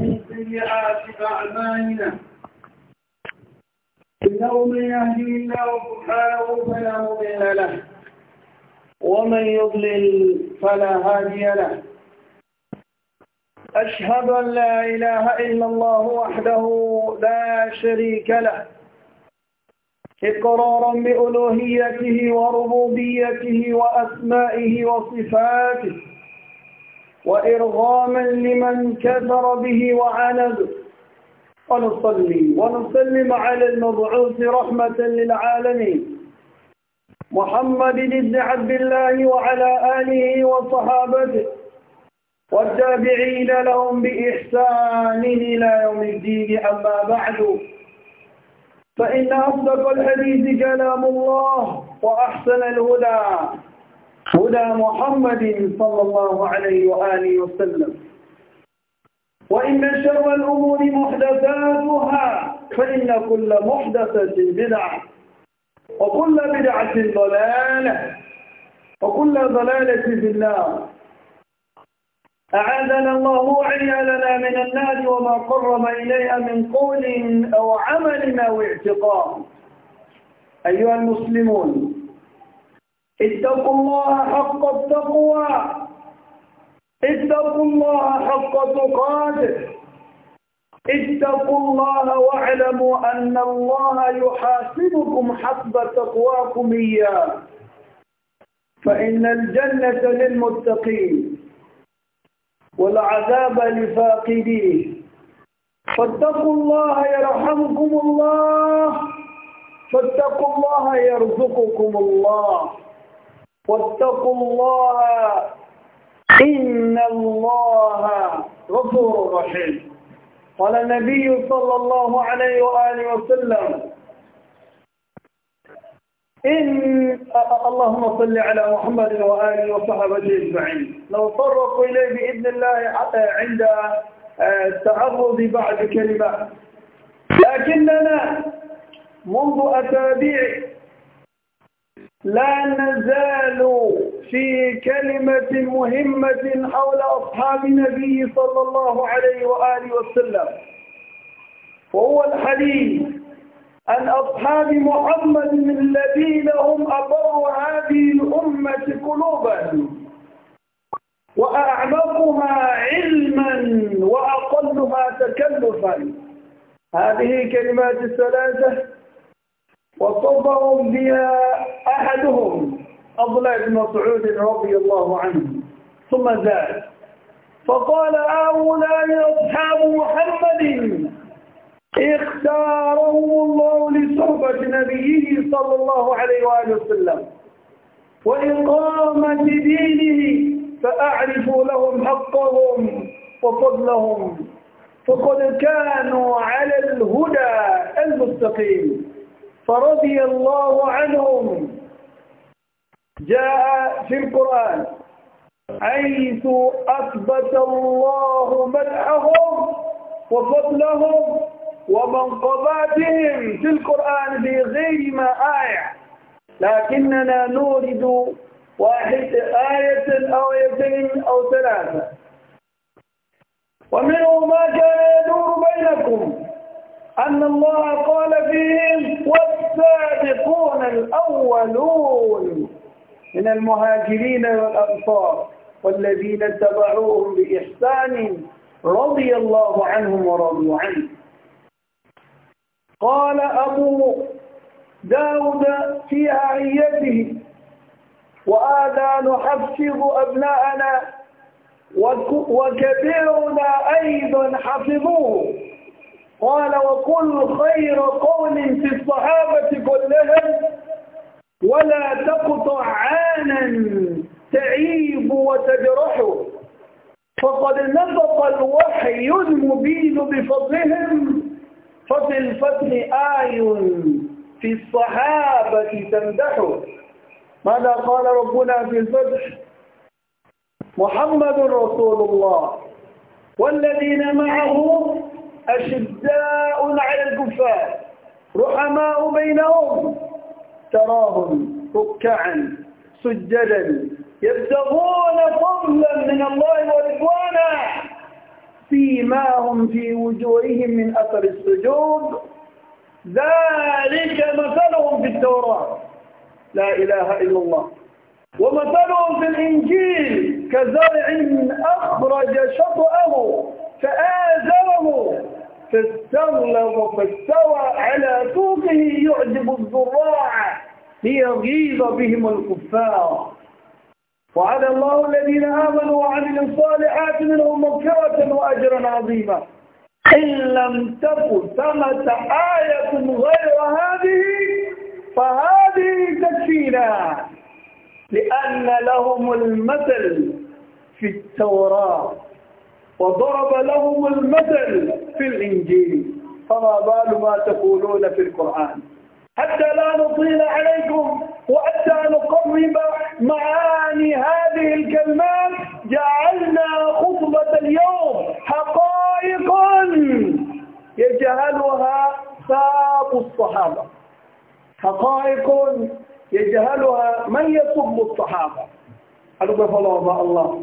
ومن سيئات أعمالنا إنه من يهدي الله سبحانه فلا مضل له ومن يضلل فلا هادي له أشهد أن لا إله إلا الله وحده لا شريك له إقرارا بألوهيته وربوبيته وأسمائه وصفاته وإرغاما لمن كفر به وعاند ونصلي ونسلم على المبعوث رحمة للعالمين محمد بن عبد الله وعلى آله وصحابته والتابعين لهم بإحسان إلى يوم الدين أما بعد فإن أصدق الحديث كلام الله وأحسن الهدى هدى محمد صلى الله عليه وآله وسلم وإن شر الأمور محدثاتها فإن كل محدثة بدعة وكل بدعة ضلالة وكل ضلالة في النار أعاذنا الله وعيالنا من النار وما قرب إليها من قول أو عمل أو اعتقاد أيها المسلمون اتقوا الله حق التقوى اتقوا الله حق تقاته اتقوا الله واعلموا أن الله يحاسبكم حسب تقواكم إياه فإن الجنة للمتقين والعذاب لفاقديه فاتقوا الله يرحمكم الله فاتقوا الله يرزقكم الله واتقوا الله إن الله غفور رحيم قال النبي صلى الله عليه وآله وسلم إن اللهم صل على محمد وآله وصحبه أجمعين لو طرقوا إليه بإذن الله آه، عند آه، تعرض بعض كلمات لكننا منذ أسابيع لا نزال في كلمة مهمة حول أصحاب نبي صلى الله عليه وآله وسلم وهو الحديث عن أصحاب محمد الذين هم أبر هذه الأمة قلوبا وأعمقها علما وأقلها تكلفا هذه كلمات الثلاثة وصبر بها أحدهم عبد بن مسعود رضي الله عنه ثم زاد فقال هؤلاء أصحاب محمد اختارهم الله لصحبة نبيه صلى الله عليه وآله وسلم وإقامة دينه فأعرفوا لهم حقهم وفضلهم فقد كانوا على الهدى المستقيم فرضي الله عنهم جاء في القرآن حيث أثبت الله منعهم وفضلهم ومنقباتهم في القرآن في غير ما آية لكننا نورد واحد آية أو آيتين أو ثلاثة ومنه ما كان يدور بينكم أن الله قال فيهم والسابقون الأولون من المهاجرين والأنصار والذين اتبعوهم بإحسان رضي الله عنهم ورضوا عنه قال أبو داود في عيته وآذان نحفظ أبناءنا وكبيرنا أيضا حفظوه قال وكل خير قول في الصحابة كلهم ولا تقطع عانا تعيب وتجرحه فقد نطق الوحي المبين بفضلهم ففي الفتن آي في الصحابة تمدحه ماذا قال ربنا في الفتح محمد رسول الله والذين معه أشداء على الكفار رحماء بينهم تراهم ركعا سجدا يبتغون فضلا من الله ورضوانا فيما هم في وجوههم من أثر السجود ذلك مثلهم في التوراة لا إله إلا الله ومثلهم في الإنجيل كزرع أخرج شطأه فآزره فاستغلظ فاستوى على فوقه يعجب الزراع ليغيظ بهم الكفار وعد الله الذين آمنوا وعملوا الصالحات منهم مغفرة وأجرا عظيما إن لم تكن ثمة آية غير هذه فهذه تكفينا لأن لهم المثل في التوراة وضرب لهم المثل في الإنجيل فما بال ما تقولون في القرآن حتى لا نطيل عليكم وحتى نقرب معاني هذه الكلمات جعلنا خطبة اليوم حقائق يجهلها ساب الصحابة حقائق يجهلها من يصب الصحابة أرجو الله الله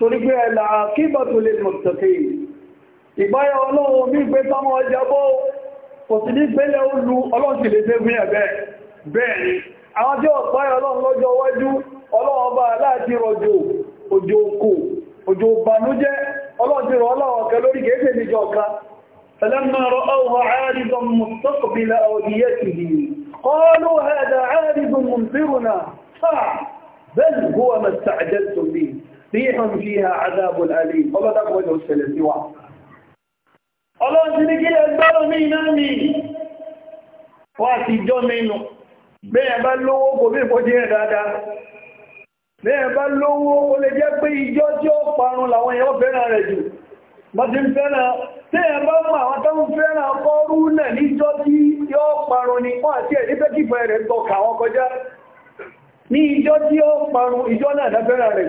سنجي العاقبة للمتقين إبا الله ومي بيتا ما جابو وسني بلا ولو الله سي لي تي بيا بي بي اوا الله لو جو الله با لا تي رجو اوجو كو اوجو بانو الله سي الله كان لوري كي فلما راوها عارضا مستقبل اوديته قالوا هذا عارض منصرنا صح بل هو ما استعجلتم به ríhàn fi ha àdáàbò alẹ́ ọlọ́dàpọ̀ ìlú ṣẹlẹ̀ sí wa ọlọ́run ti ní kí lẹ gbọ́rọ̀ mí iná mi wọ́n àti ìjọ mẹ́nu bẹ́ẹ̀ bá lówó kò bí ìfọ́jú rẹ̀ dáadáa bẹ́ẹ̀ bá lówó ó lè jẹ́ pé ìjọ tí ó parun làwọn èèyàn fẹ́ràn rẹ̀ jù mọ̀ àwọn tó ń fẹ́ràn kọrú náà níjọ́ tí yóò parun ni wọ́n àti ẹ̀dí pé kífẹ́ rẹ̀ tọkà wọn kọjá ní ìjọ tí ó parun ìjọ náà dáfẹ́ràn rẹ̀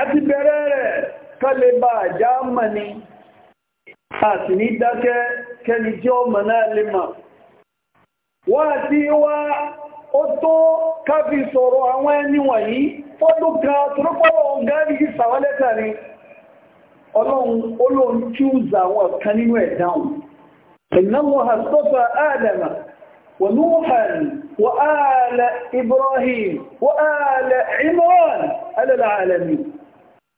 àti bẹ̀rẹ̀ rẹ̀ kọlẹ̀ bá àjá mọ̀ ni a sì ní dákẹ́ kẹni tí ó mọ̀ náà lè mọ̀ wá àti wá ó tó káfí sọ̀rọ̀ àwọn ẹni wọ̀nyí fọ́dún kan torípọ̀lọ̀ ọ̀gáàrí ìsàwọ́lẹ́ta ni ọlọ́run ونوحا وآل إبراهيم وآل عمران على العالمين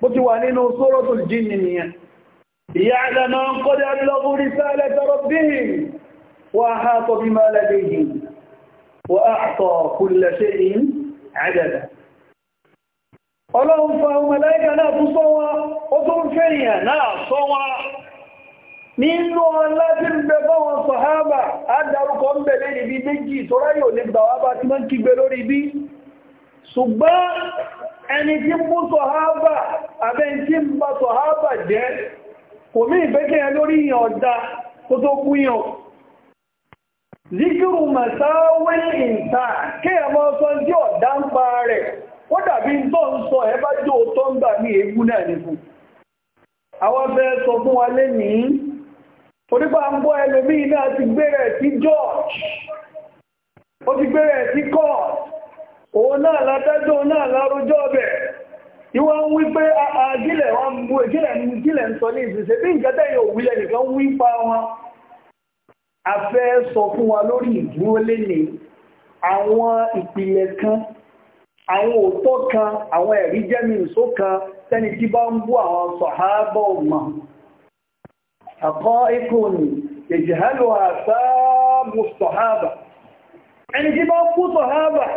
bó ti wà nínú suratul jinni nìyẹn يعلم من قد أبلغوا رسالة ربهم وأحاط بما لديهم وأعطى كل شيء عددا ọlọ́run fa ọmọ màláíkà náà tún sọ́wọ́ ó tún fẹ́yìn náà sọ́wọ́ nínú ọlá tí ń bẹ bọ́wọ́ sọ̀hábà adarúkọ ń bẹ̀lẹ̀ níbi méjì tó ráyò ní gbàwábá tí wọ́n kígbe lórí bí ṣùgbọ́n ẹni tí mú sọ̀hábà abẹ́ tí ń bá sọ̀hábà jẹ́ kò mí ìgbẹ́kẹ́ lórí ìyàn ọ̀dá kó tó kú yàn zikiru masáwé ìta kí ẹ mọ́ sọ ọsọ ọ̀dá ń pa rẹ̀ wọ́n dàbí tó ń sọ ẹ bá jò ń gbà ní náà sọ fún wa lé ní ń ẹlòmí náà ti george ó ti òun náà látẹ́jọ́ náà lárújọ́ ọbẹ̀ ìwọ ń wí pé àgílẹ̀ ah, ah, wọn bú ìgílẹ̀ e, ń sọ ní ìsìnṣẹ́ bí nǹkan tẹ́yìn nìkan wí pa a fẹ́ sọ fún wa lórí ìdúró ni kan kan kan ẹni tí bá ń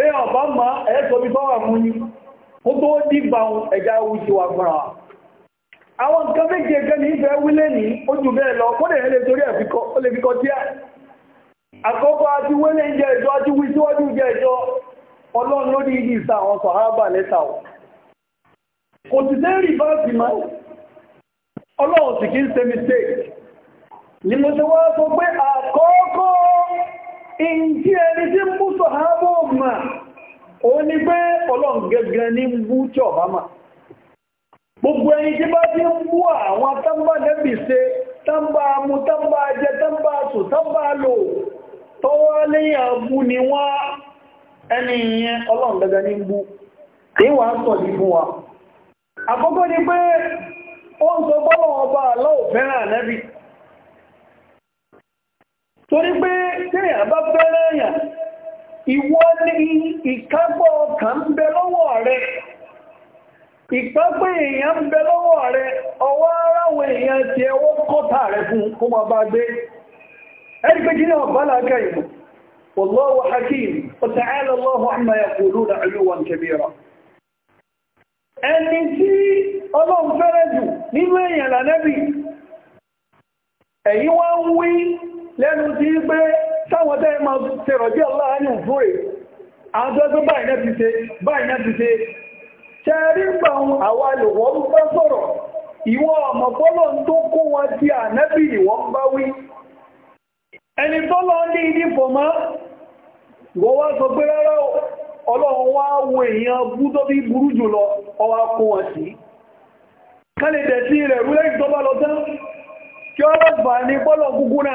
pé ọ̀bá ma ẹ̀ẹ́sọ̀ bí tọ́wà mú ní ó tó dìgbà ẹ̀dá oúnjẹ wà gbọ́ra wa àwọn nǹkan méje ẹgbẹ́ ní ìfẹ́ wílé ní ojú bẹ́ẹ̀ lọ kó lè lè torí ẹ̀fikọ́ lè fikọ́ tí à àkọ́kọ́ àti wílé ìjẹ́ ẹ̀jọ́ àti wí síwájú ìjẹ́ ọlọ́run ìjí ẹni tí mú sọ̀hábọ̀ mà ó ní pé ọlọ́ngẹ́gẹ́ ní mú gbogbo ẹni tí bá ti mú àwọn tánbà nẹ́bì se tánbà mú tánbà jẹ tánbà sùn tánbà lò tọ́wọ́ lẹ́yìn àbú ni wọ́n ni torí pé téèyàn bá fẹ́rẹ̀ èèyàn ìwọ ní ìkápọ̀ ọkàn bẹ lọ́wọ́ rẹ ìpápẹ́ èèyàn bẹ lọ́wọ́ rẹ ọwọ́ aráwọ̀ èèyàn ti ẹwọ́ kọ́ta rẹ fún kó bá gbé ẹni pé jíní ọ̀bá ta'ala amma lẹ́nu tí pé táwọn tẹ́ ma ṣe rọ̀jẹ́ láàárín fún rẹ̀ àwọn tó tó báyìí náà ti ṣe báyìí náà ti ṣe ṣe rí gbà ń àwọn alùwọ́ ń bá sọ̀rọ̀ ìwọ ọmọ bọ́lọ̀ tó kó wọn ti ànábì ìwọ ń bá wí ẹni tọ́lọ ní ìdí fòmá wọ́n wá sọ pé rárá ọlọ́run wá kí ọlọ́gbà ní bọ́lọ̀ gúgúnà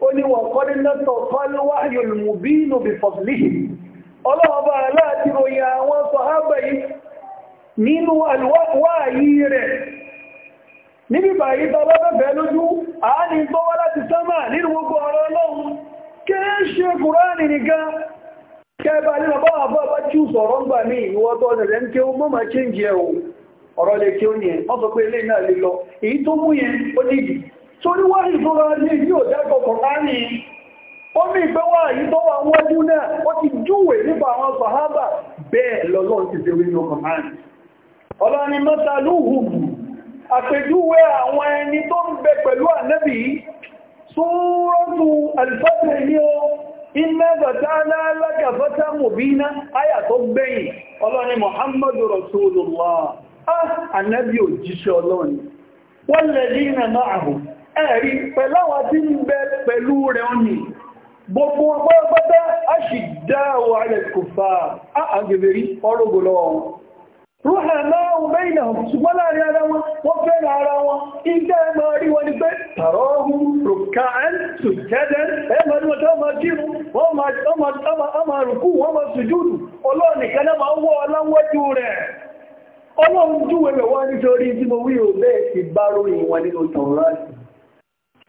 ó ní wọ̀n kọ́dé lọ́tọ̀ kọ́lúwà yòlùmù bí inú bí fọ̀bìlì ọlọ́ọ̀bá aláàtí ròyìn àwọn sọ̀hábà yìí nínú àlùwà yìí rẹ̀ níbi báyìí tọ́lọ́bẹ̀bẹ̀ lójú àání tó wá láti sánmà nínú gbogbo ọ̀rọ̀ ọlọ́run ní torí wá ìfúnra ní ibi ò dákọ̀ kọ̀kání ó ní ìgbẹ́wà yìí tó wà wájú náà ó ti júwè nípa àwọn sàhábà bẹ́ẹ̀ lọ́lọ́n ti fi rínú kọ̀kání ọlọ́ni mọ́tàlúhùn àpèjúwé àwọn ẹni tó ń bẹ pẹ̀lú ànẹ́bì ní ó iná bàtánà ẹ̀rí pẹ̀láwà tí ń bẹ pẹ̀lú rẹ̀ ọ̀nì gbogbo pẹ́pẹ́pẹ́ a ṣì dáwà rẹ̀ kò fà á àgbèbèrí ọlọ́gbò lọ́wọ́ rúhà náà bẹ́ìnà ṣùgbọ́n láàrin ara wọn wọ́n fẹ́ràn ara wọn ìgbẹ́ ẹmọ rí wọn ni pé tàrọ́hùn rùkàán sùjẹ́dẹ́ ẹmọ ní ọjọ́ ọmọ jíru wọ́n máa rùkú wọ́n máa sùjúdù ọlọ́ọ̀nìkan rẹ̀ ọlọ́run júwẹ́ mẹ́wàá nítorí tí mo wí ò bẹ́ẹ̀ ti bá róyìn wọn nínú tọ̀rọ̀ láti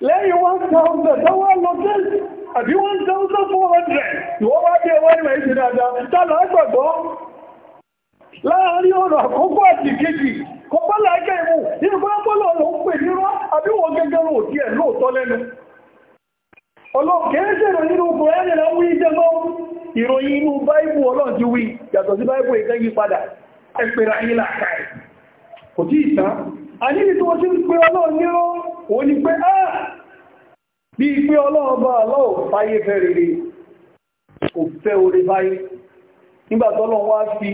lẹ́yìn one thousand lọ sí àbí 1400 ìwọ́n wá bí ẹwọ́ ìwẹ̀ ìṣẹ́ dáadáa tọ́lọ ẹgbẹ̀gbọ́ láàárín ọ̀rọ̀ àkókò àti kejì kò pọ́lá ẹgbẹ́ ìmú nínú pọ́lọ́pọ́lọ́ ló ń pè nírọ́ àbí wọ́n gẹ́gẹ́rọ òdí ẹ̀ lóòtọ́ lẹ́nu ọlọ́kẹ́ẹ́sẹ̀rọ̀ nínú wí ìròyìn inú báìbù ọlọ́run ti wí yàtọ̀ sí báìbù yí padà ẹ̀pẹ̀rẹ̀ ayé kò tí a ó ní pé áà ah! bí i pé ọlọ́ọ̀bá aláwọ̀ fáyé fẹ́ rere kò fẹ́ orí báyé nígbàtọ́lọ́ wá fi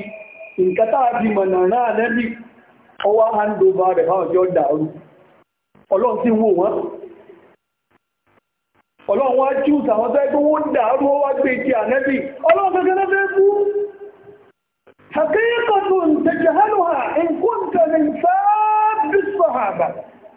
nǹkan táà fi mọ̀nà náà lẹ́bí ọwá handova rẹ̀ bá ọjọ́ dàrú ọlọ́run tí wò wọ́n ọlọ́run wá jùs àwọn tẹ́ tó wọ́n dàrú ó wá gbé ti ànẹ́bí ọlọ́run حقيقة تجهلها إن كنت من ساب الصحابة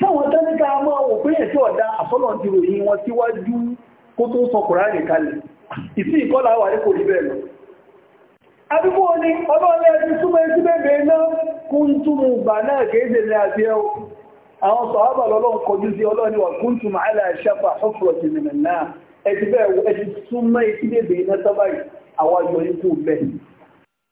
táwọn tẹ́lẹ́gá máa wò pé èsì ọ̀dá àfọ́lọ̀ ti ròyìn wọn síwájú kó tó sọ kùránì kalẹ̀ ìsí ìkọ́lá wà ní kò rí bẹ́ẹ̀ lọ àdúgbò ni ọlọ́ọ̀lẹ́ ti súnmọ́ sí bẹ́ẹ̀ náà kún túnmù bà náà kéèdè kún túnmù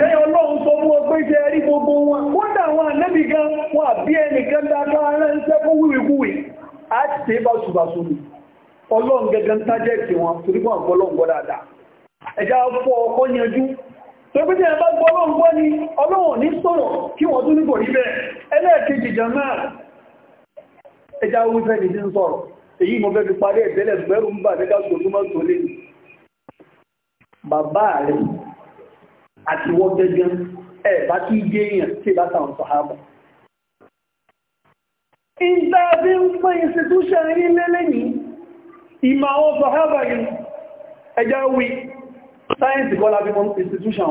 tẹ́yẹ ọlọ́run sọ mú ọgbẹ́ iṣẹ́ rí gbogbo wọn wọ́n dà wọn ànẹ́bì gan wọn àbí ẹnìkan dáadáa ránṣẹ́ fún wíwíwíwì á ti tẹ́ bá ṣùgbàṣù mi ọlọ́run gẹ́gẹ́ ń tájẹ́ wọn torí wọn ni ọlọ́run ní sọ̀rọ̀ kí wọ́n ni ti ń sọ̀rọ̀ èyí mo fẹ́ fi parí ẹ̀tẹ́lẹ̀ bẹ́rù àti wọ́n gẹ́gẹ́ ẹ̀ bá kí jẹ́ èèyàn tí bá tàwọn sọ̀hábà ìgbà bí ń pẹ́ institution rí lẹ́lẹ́ ní ìmọ̀ àwọn sọ̀hábà yìí ẹjá wí sáyẹ̀nsì kọ́ lábí mọ́ institution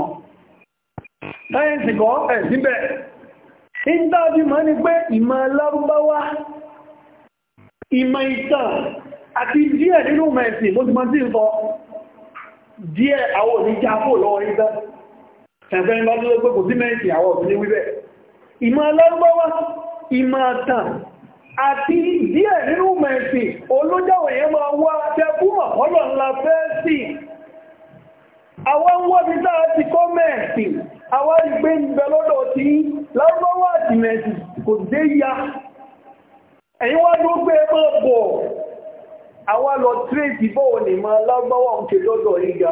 sáyẹ̀nsì kọ́ ẹ̀ síbẹ̀ ìgbà bí mọ́ ní pé ìmọ̀ lárúbáwá ìmọ̀ ìtàn àti díẹ̀ nínú mẹ́sìn mo ti mọ́ sí ìfọ́ díẹ̀ àwọn òní jáfò lọ́wọ́ ìgbà tẹ̀fẹ́ni bá lọ́wọ́ pé kò sí mẹ́ǹtì àwọn òfin wíbẹ̀ ìmọ̀ alágbọ́wá ìmọ̀ àtàn àti díẹ̀ nínú mẹ́ǹtì olójáwọ̀ yẹn máa wá tẹ́kúmọ̀ ọlọ́ ńlá fẹ́ sí àwọn wọ́bí táà ti kọ́ mẹ́ǹtì àwọn ìgbé ìgbẹ̀ lọ́dọ̀ tí lágbọ́wá àti mẹ́ǹtì kò dé ya ẹ̀yìn wá ló gbé mọ́ bọ̀ àwọn lọ tírèsì bọ́ọ̀ nìmọ̀ alágbọ́wá ń ké lọ́dọ̀ yíga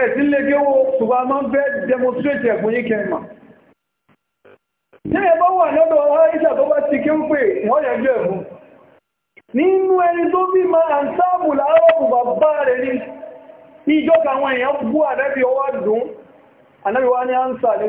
ẹ̀sìn lè gé wo ṣùgbọ́n máa ń fẹ́ demonstrate ẹ̀gbọ́n yìí kẹ́mà nílẹ̀ bá wà lọ́dọ̀ tó bá ti kéwú pé wọ́n yẹ jẹ́ ẹ̀mú nínú ẹni tó bí ma à ń sáàmù láàrọ̀bù bàbá rẹ̀ ní ìjọ káwọn èèyàn bú ànábì ọwá dùn ànábì wá ní ánsà ní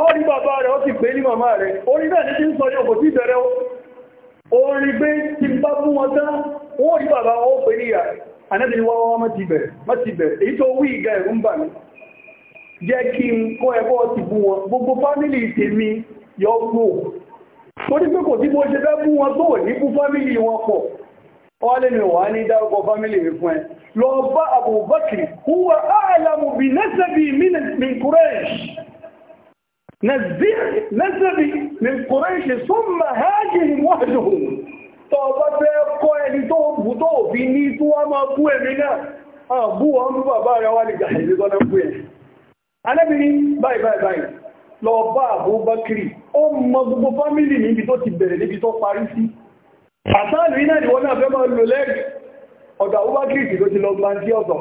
ọ́rí bàbá rẹ̀ ó ti pè ní màmá rẹ̀ orí náà ní tí ń sọ yóò kò sí ìbẹ̀rẹ̀ orí pé ti bá fún wọn tán wọ́n rí bàbá wọn ó pè ní ìyà anẹ́bìn wọ́wọ́ má ti bẹ̀rẹ̀ èyí tó wí ìgá ẹ̀rù ń bà mí jẹ́ kí n kọ́ ẹ̀kọ́ ti bú wọn gbogbo fámílì tèmi yọ gbò torí pé kò sí bó ṣe fẹ́ fún wọn tó ní fún fámílì wọn lọ bá Abubakar huwa a'lamu bí nẹ́sẹ̀bí min Quraysh nẹ́sẹ̀bí ní kòrẹ́ṣì súnmà hajjìhìn wájúhùn tó bá fẹ́ kọ́ ẹni tó bú tó fi ní tó wá máa bú ẹ̀mí náà àbú wọn bú bàbá rẹ̀ wá ní gàhìlì gọ́nà bú ẹ̀ alẹ́bìnrin báyìí báyìí báyìí lọ bá àbúbákiri ó mọ gbogbo fámílì níbi tó ti bẹ̀rẹ̀ níbi àtàlù iná ìwọ́n náà fẹ́ máa lò lẹ́rìí ọ̀dọ̀ àbúbákiri sì ló ti lọ gbáǹtí ọ̀tọ̀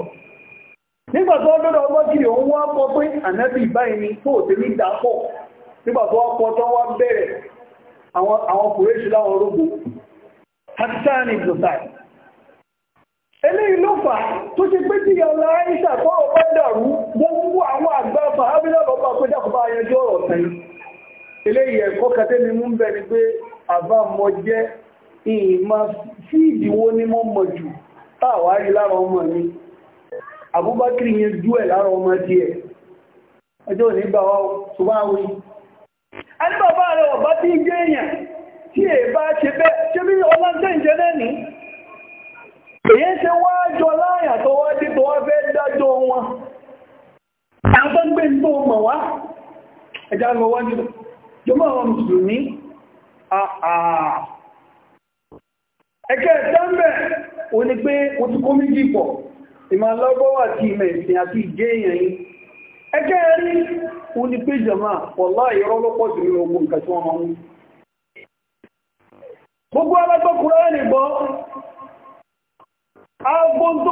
nígbà tó ọdọ́dọ̀ ọgbọ́gìrì òun wá pọ̀ pé ànábì báyìí ni tó òtẹ́ ní ìdápọ̀ nígbà tó ọpọ̀ tó wá bẹ̀rẹ̀ àwọn kùrẹ́ṣì láwọn orógún pakistani society eléyìí ló fà tó ṣe pé tí yàrá aisha tó ọ̀pẹ́ dàrú gbogbo àwọn àgbà fàábílẹ̀ lọ́pàá pé dàkùbá ayẹjọ́ ọ̀rọ̀ sẹ́yìn eléyìí ẹ̀kọ́ kàtẹ́mi mú bẹ̀ ni pé àbá mọ jẹ́ ìmọ̀ fíìdì wo ni mọ́ mọ̀ jù táàwárí lára ọmọ mi Abubakar yẹn jú ẹ̀ lára ọmọ tí ẹ̀ ọjọ́ nígbà ọ ṣùgbáwí a ní bàbá rẹ̀ ọ̀bá tí ń jẹ́ èèyàn tí è bá ṣe bẹ́ ṣe bí ọlọ́ntẹ́ ìjẹ́ lẹ́ni èyí ṣe wá jọ láàyà tó wá dé tó wá fẹ́ dájọ́ wọn àwọn gbé tó mọ̀ wá ẹjá lọ wájú jọmọ́ àwọn mùsùlùmí ẹ̀kẹ́ ẹ̀tẹ́ ń bẹ̀ òní pé o ti kó méjì pọ̀ ìmọ̀ lọ́gbọ́wọ́ àti ìmọ̀ ìsìn àti ìjẹ́ èèyàn yìí ẹgbẹ́ rí wọ́n ni pé jọmọ́ wọ́lá ìrọ́ lọ́pọ̀ jù ní ogun nǹkan tí wọ́n máa ń gbogbo alágbọ́ kùránì gbọ́ agbọn tó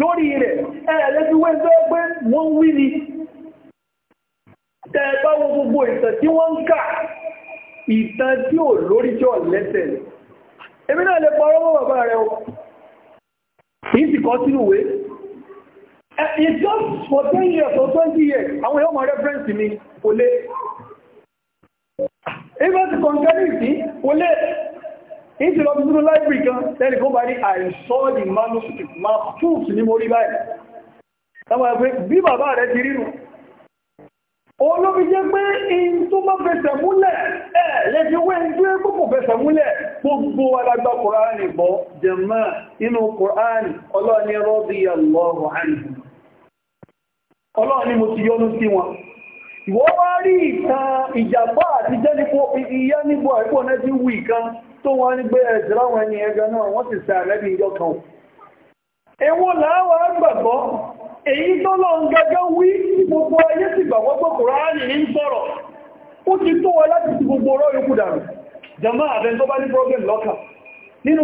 lórí rẹ̀ ẹ̀ẹ́lẹ́ tí wọ́n tó pé wọ́n wí ni tẹ́ẹ̀bá wọn gbogbo ìtàn tí wọ́n ń kà ìtàn tí ò lórí tí ò lẹ́sẹ̀ èmi náà lè parọ́ mọ́ bàbá rẹ̀ o kìí sì kọ́ sínú ìwé it's just for ten years or twenty years àwọn èèyàn máa reference mi kò lé if i ti ìtì lọ bíbí láìbìrì kan tẹ́lì kó bá ní I saw the manuscript maktub ní bí bàbá rẹ̀ ti rírù olóbi jẹ́ pé in tó má fẹsẹ̀ múlẹ̀ ẹ̀ lẹ́fi wé ń gbé púpọ̀ fẹsẹ̀ múlẹ̀ gbogbo alágbà kòránì bọ́ jẹ̀mọ́ inú kòránì ọlọ́ni rọ́bí àlọ́rọ̀ àìsù ọlọ́ni mo ti yọ́nú sí wọn ìwọ́n rí ìtàn ìjàmbá àti jẹ́ nípo ìyá àìpọ̀ náà ti wù tó wọ́n ní gbé ẹ̀sẹ̀ ẹni ẹgbẹ́ náà wọ́n ti sẹ́ ìjọ kan èwo làwọn agbàgbọ́ èyí tó lọ ń gẹ́gẹ́ wí gbogbo ayé sì gbàgbọ́ pé Kùránì ń ó ti tó wọn láti ti gbogbo ọ̀rọ̀ yòókù dànù jama àbẹ́n tó bá ní problem lọ́kà nínú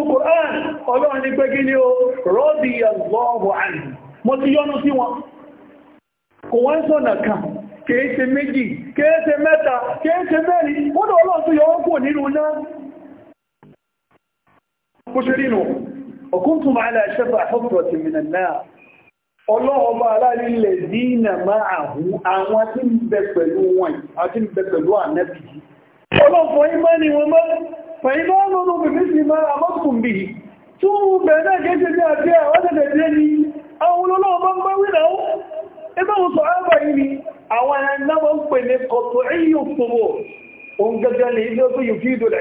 ọlọ́run ní pé kí ni ó rọ́dì ọlọ́ọ̀bọ̀ àìsí mo ti sí wọn kò wọ́n sọ̀nà kan kèése méjì kèése mẹ́ta kèése mẹ́rin ó lọ́ọ̀lọ́ kó ṣe rínú ọkùnkùn ala shafa hutratin minan nar ọlọ́ọba aláàrílẹ̀ dínà máa àhú àwọn tí ń bẹ pẹ̀lú wọn àti ń bẹ pẹ̀lú ànẹ́bì ọlọ́fọ̀ imá ni wọ́n mọ́ fẹ̀yìnbá lọ́nà bèbè sí máa àmọ́kùn bí tún bẹ̀rẹ̀ náà gẹ́gẹ́ bí àti àwọn ọdẹ̀dẹ̀ ní àwọn olóòbá ni àwọn ẹ̀nà wọn pè ní kọ̀tọ̀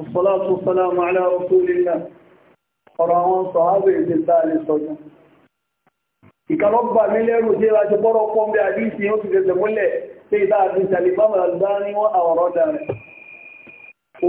والصلاة والسلام على رسول الله ọ̀rọ̀wọ́n sọ̀hábẹ̀ èdè táàrí sọ́jọ́. ìkàlọ́gbà mílẹ̀rù tí ra ṣe bọ́rọ̀ pọ́n bí àdíṣì ó ti gẹ̀ẹ́sẹ̀ múlẹ̀ tí ìdáàdí sàlìbáwà albani wọ́n àwọ̀rọ̀ dára ó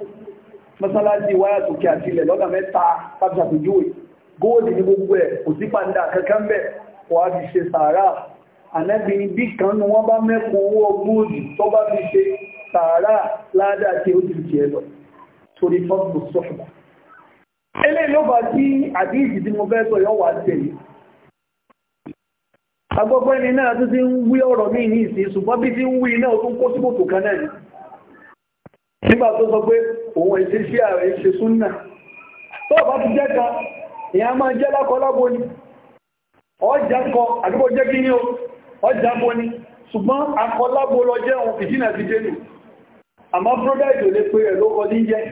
mọ́sálásí wáyà tòkè àti ilẹ̀ lọ́nà mẹ́ta pàtàkìjúwe góòdì ní gbogbo ẹ̀ kò sí pàǹdà kankan bẹ̀ wàá fi ṣe sàárà ànẹ́bí bí kan nu wọ́n bá mẹ́kùn owó góòdì tó bá fi ṣe sàárà ládàá tí ó ti fi ẹ lọ torí fọ́ọ̀bù sọ́fùbà eléyìí ló bá tí àdíjì tí mo fẹ́ sọ yọ nígbà tó sọ pé òun èsì sí ààrẹ ṣe súnnà tó bá ti jẹ́ kan ìyá máa jẹ́ lákọlábo ni ọjà kọ àdúgbò jẹ́ kí ní o ọjà bó ni ṣùgbọ́n akọlábo lọ jẹ́ òun fìdínà ti dé nù àmọ́ product ò lè pé rẹ̀ ló kọ ní jẹ́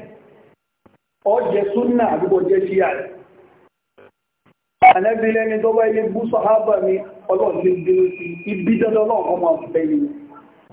ọjẹ́ súnnà àdúgbò jẹ́ sí ààrẹ ànẹ́bí lẹ́ni tó bá ilé bú sọ̀hábà mi ọlọ́ọ̀dún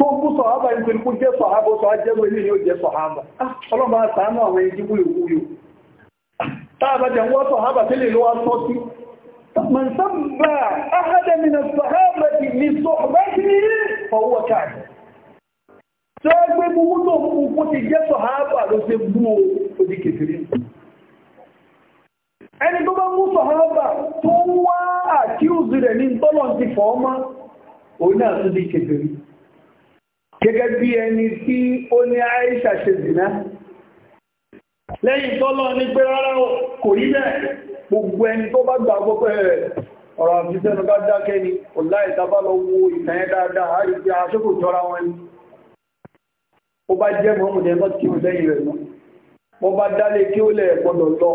tó kú sọ̀hábà ní pẹ̀lú jẹ́ sọ̀hábà sọ̀há jẹ́rù ilé yóò jẹ́ sọ̀hábà ah, ọlọ́mà sàánú àwọn ẹjí wúyòwúyò táàbà jẹ́ wọ́n sọ̀hábà tẹ́lẹ̀ ló wá sọ sí man sábà ahada min sọ̀hábà ti ní sọ̀hábà ti ní ọwọ́ káàkiri tó gbé gbogbo tó kú kó ti jẹ́ sọ̀hábà ló ṣe bú o ó di gẹ́gẹ́ bí ẹni tí ó ní Aisha ṣe zìná lẹ́yìn tọ́lọ ní pé rárá kò rí bẹ́ẹ̀ gbogbo ẹni tó bá gbà gbogbo ẹ̀ ọ̀rọ̀ àfisẹ́nu bá dákẹ́ ni ọláìtàbá lọ wo ìtàyẹ dáadáa àrí pé aṣókò jọra wọn ni ó bá jẹ́ mọ́mù ní ẹmọ́ tí ó lẹ́yìn rẹ̀ mọ́ bó bá dálé kí ó lẹ̀ gbọ́dọ̀ lọ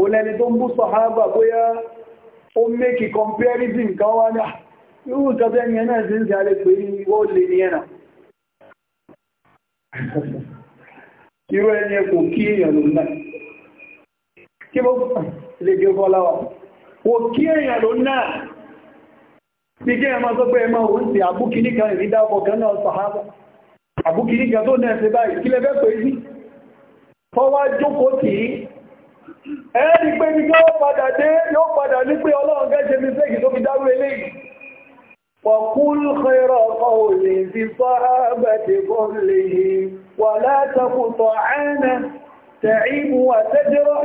o lẹ́ni tó ń bú sọ̀hábà bóyá ó mẹ́kì comparison kan wá ah, náà yóò tọ́bẹ́ ẹni ẹ̀nà sí ń sí alẹ́ pé ó lè ní ẹ̀nà irú ẹni ẹkù kí èèyàn ló náà kí ló lè gẹ́ fọ́láwà kò kí èèyàn ló náà ti kí ẹmọ sọ pé ẹmọ òun sí àbúkìní kan ìrídá ọkọ̀ kan náà sọ̀hábà àbúkìní kan tó náà ṣe báyìí kí lẹ́fẹ́ pé sí fọ́wá jókòó tì ẹ̀ẹ́dì pé ní yóò padà dé yóò padà ní pé ọlọ́run gẹ́ṣe mi fẹ́kì tó fi dárú eléyìí فقل خير قول في الصحابة كلهم ولا تقطعن تعيب وتجرح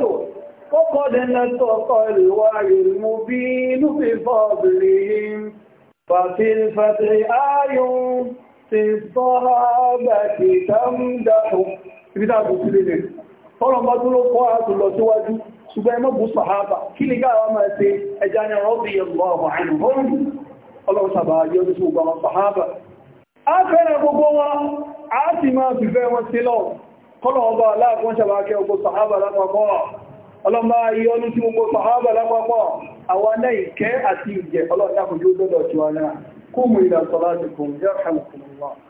فقد نطق الوعي المبين بفضلهم ففي الفتح آي في الصحابة تمدح tọ́lọ̀mọ́ tó ló kọ́ àtò lọ síwájú ṣùgbọ́n ẹmọ́ bú sàhábà kí lè gáà wọ́n máa ṣe ẹja ni rọ́bì ọlọ́ọ̀mọ̀ àìrùn ọlọ́run sàbà yóò ní ṣùgbọ́n wọn sàhábà a fẹ́rẹ̀ gbogbo wọn a sì máa fi fẹ́ wọn sí lọ kọ́lọ̀ ọba aláàkún sàbà